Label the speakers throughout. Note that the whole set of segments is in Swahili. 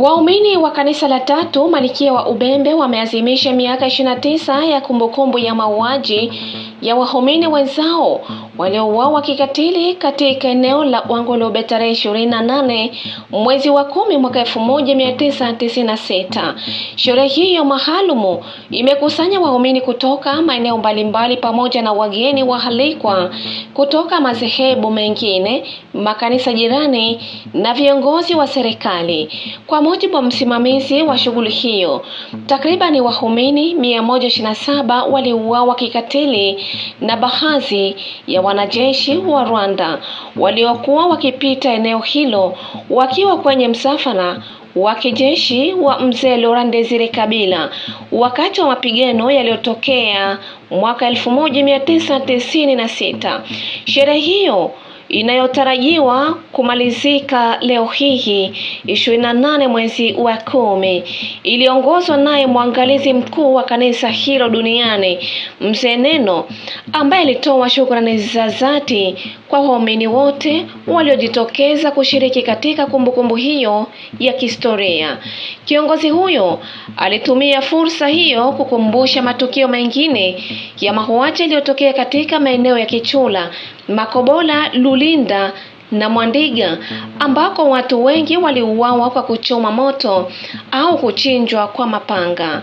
Speaker 1: Waumini wa kanisa la tatu Malikia wa Ubembe wameazimisha miaka 29 ya kumbukumbu ya mauaji ya wahumini mm. wenzao mm. waliouawa kikatili katika eneo la Wangolobe tarehe 28 mwezi wa kumi mwaka 1996. Sherehe hiyo maalumu imekusanya wahumini kutoka maeneo mbalimbali pamoja na wageni waalikwa kutoka madhehebu mengine, makanisa jirani na viongozi wa serikali. Kwa mujibu wa msimamizi wa shughuli hiyo, takribani wahumini 127 waliuawa kikatili na baadhi ya wanajeshi wa Rwanda waliokuwa wakipita eneo hilo wakiwa kwenye msafara wa kijeshi wa mzee Laurent Desire Kabila wakati wa mapigano yaliyotokea mwaka 1996. Sherehe hiyo inayotarajiwa kumalizika leo hii nane mwezi wa kumi, iliongozwa naye mwangalizi mkuu wa kanisa hilo duniani Mzee Neno, ambaye alitoa shukrani za dhati kwa waumini wote waliojitokeza kushiriki katika kumbukumbu kumbu hiyo ya kihistoria. Kiongozi huyo alitumia fursa hiyo kukumbusha matukio mengine ya mauaji yaliyotokea katika maeneo ya Kichula Makobola, Lulinda na Mwandiga ambako watu wengi waliuawa kwa kuchoma moto au kuchinjwa kwa mapanga.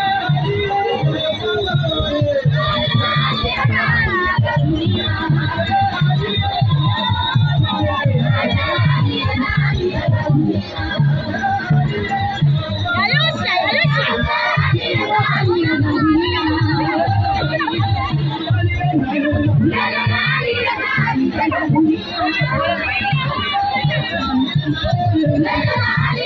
Speaker 2: ¡Ay, ay, la